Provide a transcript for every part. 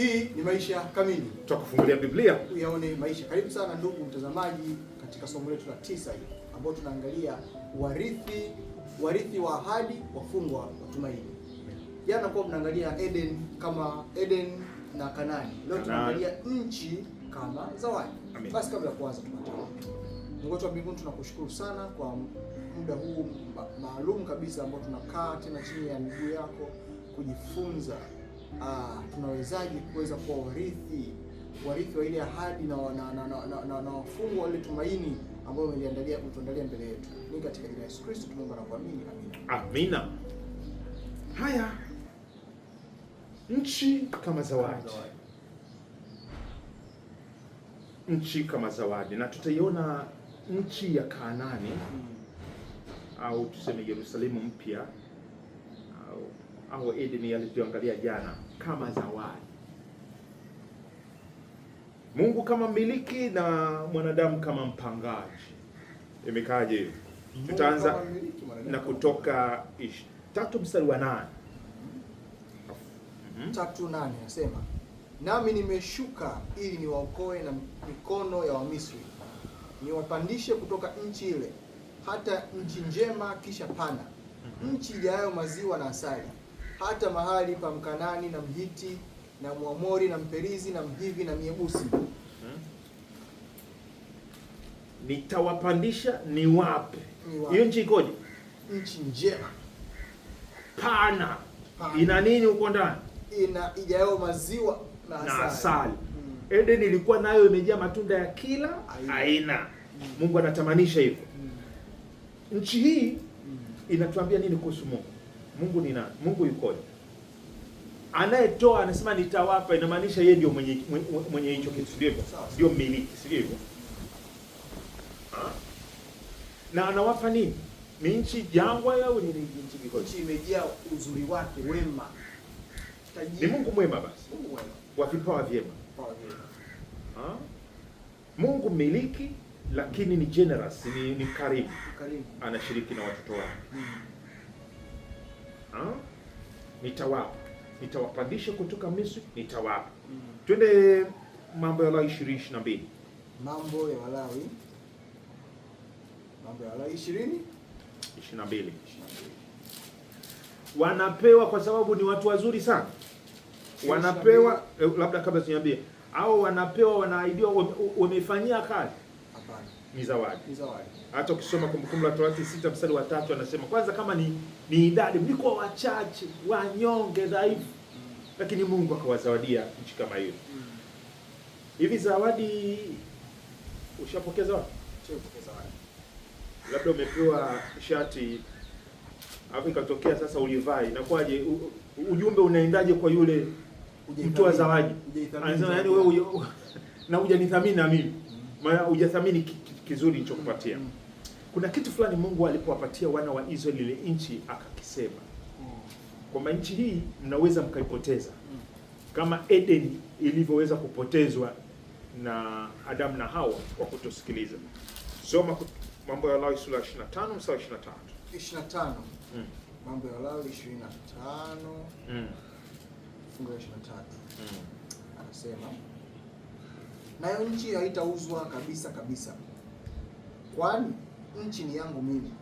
Hii ni Maisha Kamili, tutakufungulia Biblia uyaone maisha. Karibu sana ndugu mtazamaji, katika somo letu la tisa hili ambao tunaangalia warithi, warithi wa ahadi, wafungwa wa tumaini. Jana kwa mnaangalia Eden kama Eden na kanani leo tunaangalia nchi kama zawadi. Basi kabla ya kuanza, tunataka Mungu wa mbinguni, tunakushukuru sana kwa muda huu maalum kabisa ambao tunakaa tena chini ya miguu yako kujifunza uh, tunawezaje kuweza kuwa warithi warithi wa ile ahadi na na na, na, na, na, na wale tumaini ambao umeliandalia utuandalia mbele yetu. Ni katika jina la Yesu Kristo tunaomba na kuamini. Amina. Amina. Haya. Nchi kama zawadi. Nchi kama zawadi na tutaiona nchi ya Kanaani hmm, au tuseme Yerusalemu mpya au au Edeni aliyoangalia jana kama zawadi, Mungu kama mmiliki na mwanadamu kama mpangaji. Imekaje? Tutaanza na Kutoka ishi. tatu mstari wa nane mhm. Mhm. tatu nane nasema nami nimeshuka ili niwaokoe na mikono ya Wamisri, niwapandishe kutoka nchi ile hata nchi njema, kisha pana, mhm. nchi ijayo maziwa na asali hata mahali pa Mkanani na Mhiti na Mwamori na Mperizi na Mhivi na Myebusi. Hmm? Nitawapandisha ni wape. Hiyo nchi ikoje? Nchi njema pana, pana. Ina nini huko ndani? Ina ijayo maziwa na asali, na asali. Hmm. Edeni ilikuwa nayo imejaa matunda ya kila aina, aina. Hmm. Mungu anatamanisha hivyo. Nchi hii inatuambia nini kuhusu Mungu? Mungu ni nani? Mungu yukoje? Anayetoa anasema nitawapa, inamaanisha yeye ndio mwenye mwenye hicho kitu, ndio hivyo, ndio mmiliki, sio hivyo? Na anawapa nini? Ni nchi jangwa au ni nchi nchi Imejaa uzuri wake, wema. Ni Mungu mwema, basi Mungu mwema wa vipawa vyema. Mungu miliki lakini ni generous, ni, ni Karibu. anashiriki na watoto wake. Mm. Nitawapa, nitawapandisha kutoka Misri, nitawapa mm Twende Mambo ya Walawi ishirini ishirini na mbili Mambo ya Walawi, Mambo ya Walawi ishirini ishirini na mbili Wanapewa kwa sababu ni watu wazuri sana, wanapewa eh, labda kabla siniambie, au wanapewa, wanaahidiwa, wamefanyia kazi ni zawadi. Hata ukisoma Kumbukumbu la Torati sita mstari wa tatu anasema kwanza, kama ni, ni idadi mlikuwa wachache, wanyonge, dhaifu, mm. lakini Mungu akawazawadia nchi kama hiyo. Mm. Hivi zawadi ushapokea zawadi? Labda umepewa shati alafu ikatokea sasa ulivai, inakuwaje? Ujumbe unaendaje kwa yule mtu wa zawadi? Anasema yaani wewe na hujanithamini na mimi maana hujathamini kizuri nilichokupatia. Kuna kitu fulani Mungu alipowapatia wana wa Israeli ile nchi akakisema kwamba nchi hii mnaweza mkaipoteza kama Eden ilivyoweza kupotezwa na Adamu na Hawa kwa kutosikiliza. Soma Mambo ya Lawi sura 25 mstari 23. 25. Mm. Mambo ya Lawi 25. Mm. Fungu la 23. Mm. Anasema nayo nchi haitauzwa kabisa kabisa, kwani nchi ni yangu mimi,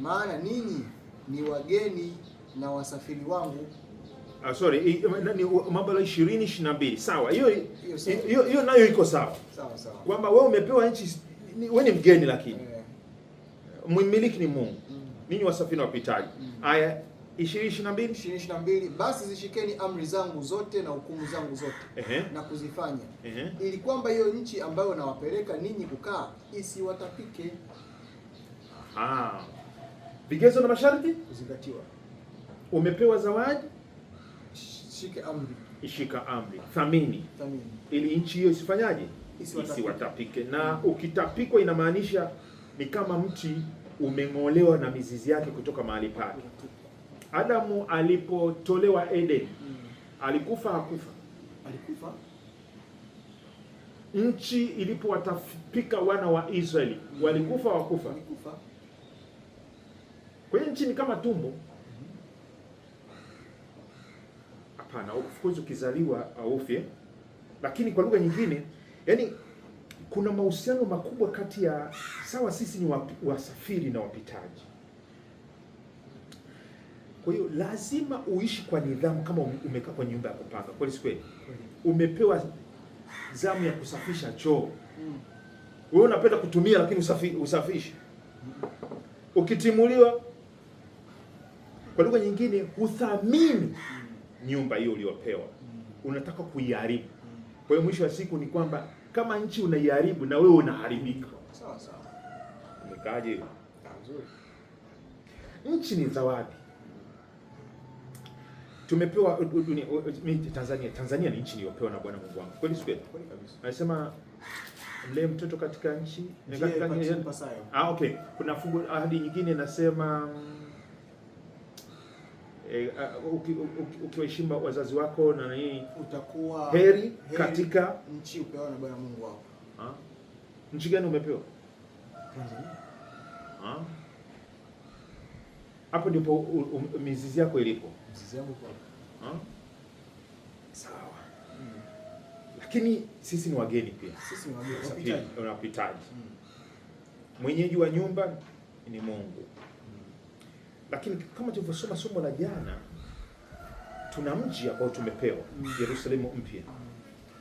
maana ninyi ni wageni na wasafiri wangu. Ah, sorry, Mambo ishirini 20 22. Sawa, hiyo hiyo nayo iko sawa sawa sawa, kwamba wewe umepewa nchi, wewe ni mgeni, lakini eh. mmiliki ni Mungu, mm. ninyi wasafiri na wapitaji. Mm. Haya, 2022 2022 basi zishikeni amri zangu zote na hukumu zangu zote Ehe. na kuzifanya Ehe. ili kwamba hiyo nchi ambayo nawapeleka ninyi kukaa isiwatapike. Aha. Vigezo na masharti kuzingatiwa. Umepewa zawadi, shike amri, ishika amri, thamini, thamini, ili nchi hiyo isifanyaje? Isiwatapike, isiwatapike. Na ukitapikwa inamaanisha ni kama mti umeng'olewa na mizizi yake kutoka mahali pake. Adamu alipotolewa eden mm. alikufa hakufa? Alikufa. Nchi ilipowatapika wana wa Israeli mm. walikufa wakufa? Walikufa. Kwa hiyo nchi ni kama tumbo. Mm-hmm. Hapana, of course ukizaliwa aufye, lakini kwa lugha nyingine, yani kuna mahusiano makubwa kati ya sawa, sisi ni wasafiri na wapitaji kwa hiyo lazima uishi kwa nidhamu. Kama umekaa kwenye nyumba ya kupanga kweli, si kweli? Umepewa zamu ya kusafisha choo, mm. wewe unapenda kutumia lakini usafi, usafishi. Ukitimuliwa, kwa lugha nyingine, huthamini nyumba hiyo uliyopewa, mm. unataka kuiharibu. Mm. Kwa hiyo mwisho wa siku ni kwamba kama nchi unaiharibu na wewe unaharibika. Sawa sawa, umekaaje? Ah, nzuri. Nchi ni zawadi tumepewa Tanzania. Tanzania ni nchi niliyopewa na Bwana Mungu wangu, kweli si kweli? Anasema mlee mtoto katika nchi ah, okay. Kuna fungu ahadi nyingine nasema E, eh, ah, ukiwaheshimu uki, uki wazazi wako na nini utakuwa heri, heri katika nchi upewa na Bwana Mungu wako. Ha? Ah, nchi gani umepewa? Tanzania. Ah, hapo ndipo mizizi yako ilipo mizizi kwa Sawa. Hmm. Lakini sisi ni wageni pia. Sisi ni wageni. Unapitaji. Hmm. Mwenyeji wa nyumba ni Mungu. Hmm. Lakini kama tulivyosoma somo la jana, tuna mji ambao tumepewa mm. Yerusalemu mpya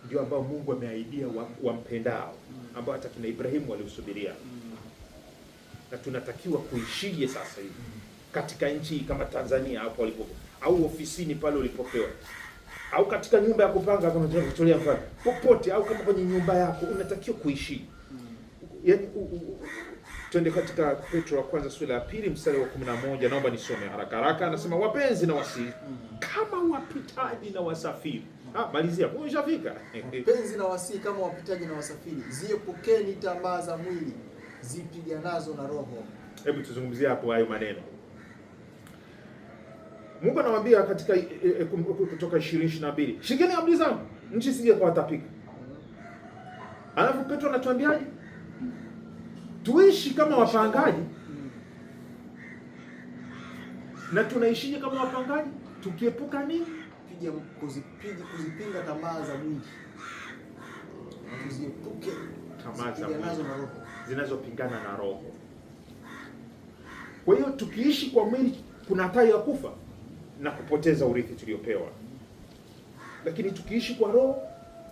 ndio ambao Mungu ameahidia wampendao ambao hata kina Ibrahimu waliusubiria na tunatakiwa kuishije sasa hivi katika nchi kama Tanzania hapo walipo au ofisini pale ulipopewa au katika nyumba ya kupanga kama tunavyotolea mfano popote, au kama kwenye nyumba yako unatakiwa kuishi. Yaani, twende katika Petro wa kwanza sura ya pili mstari wa 11, naomba nisome haraka haraka. Anasema wapenzi, na wasi kama wapitaji na wasafiri. Ah, malizia umeshafika. Wapenzi, na wasi kama wapitaji na wasafiri, ziepukeni tamaa za mwili zipiganazo na roho. Hebu tuzungumzie hapo hayo maneno Mungu anawaambia katika e, e, Kutoka 20:22, shikeni amri zangu nchi kwa tapika. Alafu Petro anatuambiaje? Tuishi kama wapangaji. Na tunaishije kama wapangaji? Tukiepuka nini? Piga kuzipiga kuzipinga tamaa za mwili. Tuziepuke tamaa za mwili zinazopingana na roho. Kwa hiyo tukiishi kwa mwili kuna hatari ya kufa na kupoteza urithi tuliopewa, lakini tukiishi kwa roho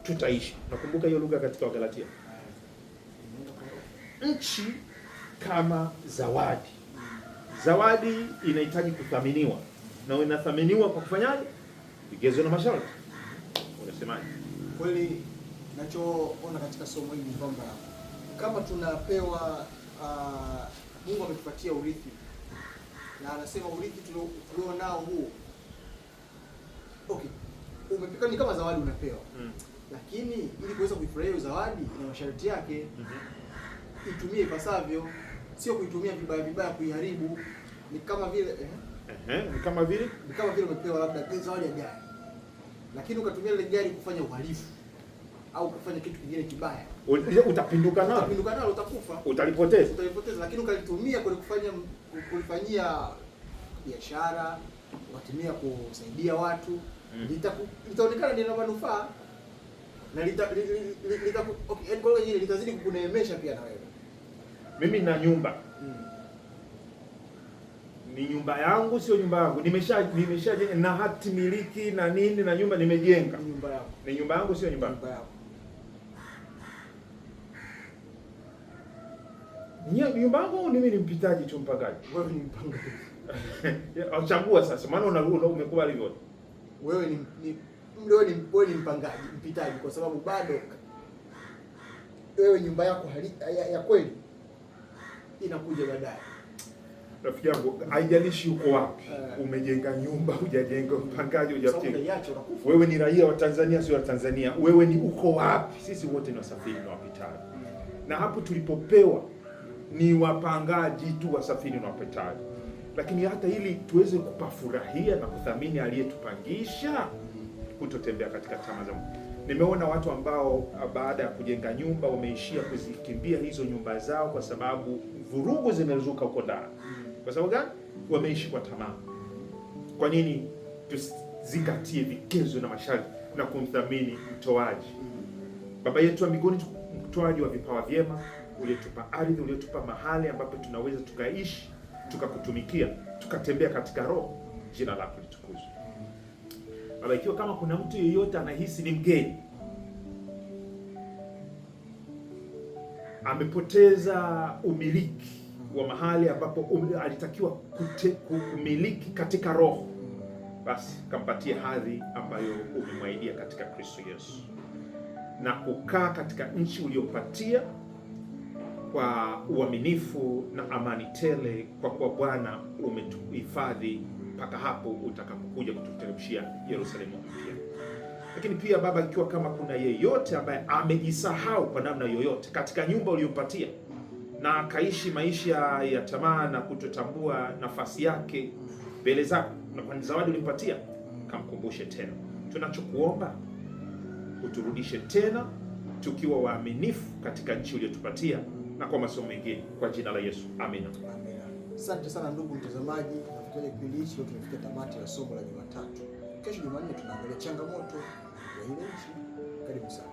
tutaishi. Nakumbuka hiyo lugha katika Wagalatia, nchi kama zawadi. Zawadi inahitaji kuthaminiwa na inathaminiwa kwa kufanyaje? Vigezo na masharti. Unasemaje? Kweli, nachoona katika somo hili ni kwamba kama tunapewa uh, Mungu ametupatia urithi na anasema urithi tulio nao huu okay, umepika ni kama zawadi unapewa mm. Lakini ili kuweza kuifurahia zawadi na masharti yake mm -hmm. Itumie ipasavyo, sio kuitumia vibaya vibaya, kuiharibu. Ni kama vile eh? Eh, ni kama vile ni kama vile umepewa labda zawadi ya gari, lakini ukatumia ile gari kufanya uhalifu au kufanya kitu kingine kibaya, utapinduka nalo, utapinduka nalo, utakufa, utalipoteza, utalipoteza. Lakini ukalitumia kwa kufanya kulifanyia biashara, ukatumia kusaidia watu mm, litaonekana lina manufaa na litazidi lita, okay, litazidi kukuneemesha pia na wewe. Mimi na nyumba mm, ni nyumba yangu, sio nyumba yangu, nimesha nimesha nimeshajenga na hati miliki na nini na nyumba nimejenga, nyumba yako ni nyumba yangu, sio nyumba yangu. nyumba yangu mimi ni mpitaji tu mpangaji. Wewe ni mpangaji. Achagua sasa maana unarudi umekubali vyote. Wewe ni ni wewe ni wewe ni mpangaji, mpitaji kwa sababu bado wewe nyumba yako hali, ya, ya kweli inakuja baadaye. Rafiki yangu haijalishi uko wapi, uh, umejenga nyumba, hujajenga mpangaji, hujajenga. Wewe ni raia wa Tanzania, sio wa Tanzania. Wewe ni uko wapi? Sisi wote ni wasafiri na wapitaji. Mm. Na hapo tulipopewa ni wapangaji tu, wasafiri na wapetaji Lakini hata ili tuweze kupafurahia na kuthamini aliyetupangisha, kutotembea katika tamaa za Nimeona watu ambao ah, baada ya kujenga nyumba wameishia kuzikimbia hizo nyumba zao kwa sababu vurugu zimezuka huko ndani. Kwa sababu gani? Wameishi kwa tamaa. Kwa nini tuzingatie vigezo na masharti na kumthamini mtoaji? Baba yetu wa mbinguni, mtoaji wa vipawa vyema uliotupa ardhi, uliotupa mahali ambapo tunaweza tukaishi, tukakutumikia, tukatembea katika roho. Jina lako litukuzwe Baba. Ikiwa kama kuna mtu yeyote anahisi ni mgeni, amepoteza umiliki wa mahali ambapo um, alitakiwa kute, kumiliki katika roho, basi kampatie hadhi ambayo umemwaidia katika Kristo Yesu na kukaa katika nchi uliyopatia kwa uaminifu na amani tele, kwa kuwa Bwana umetuhifadhi mpaka hapo utakapokuja kututeremshia Yerusalemu mpya. Lakini pia Baba, ikiwa kama kuna yeyote ambaye amejisahau kwa namna yoyote katika nyumba uliyopatia na akaishi maisha ya tamaa na kutotambua nafasi yake mbele zako na kwa zawadi ulimpatia, kamkumbushe tena. Tunachokuomba uturudishe tena tukiwa waaminifu katika nchi uliyotupatia na kwa masomo mengine kwa jina la Yesu, amina. Asante sana ndugu mtazamaji, nafikiri kipindi hicho tumefikia tamati ya somo la Jumatatu. Kesho Jumanne tunaangalia changamoto ya ile nchi. Karibu sana.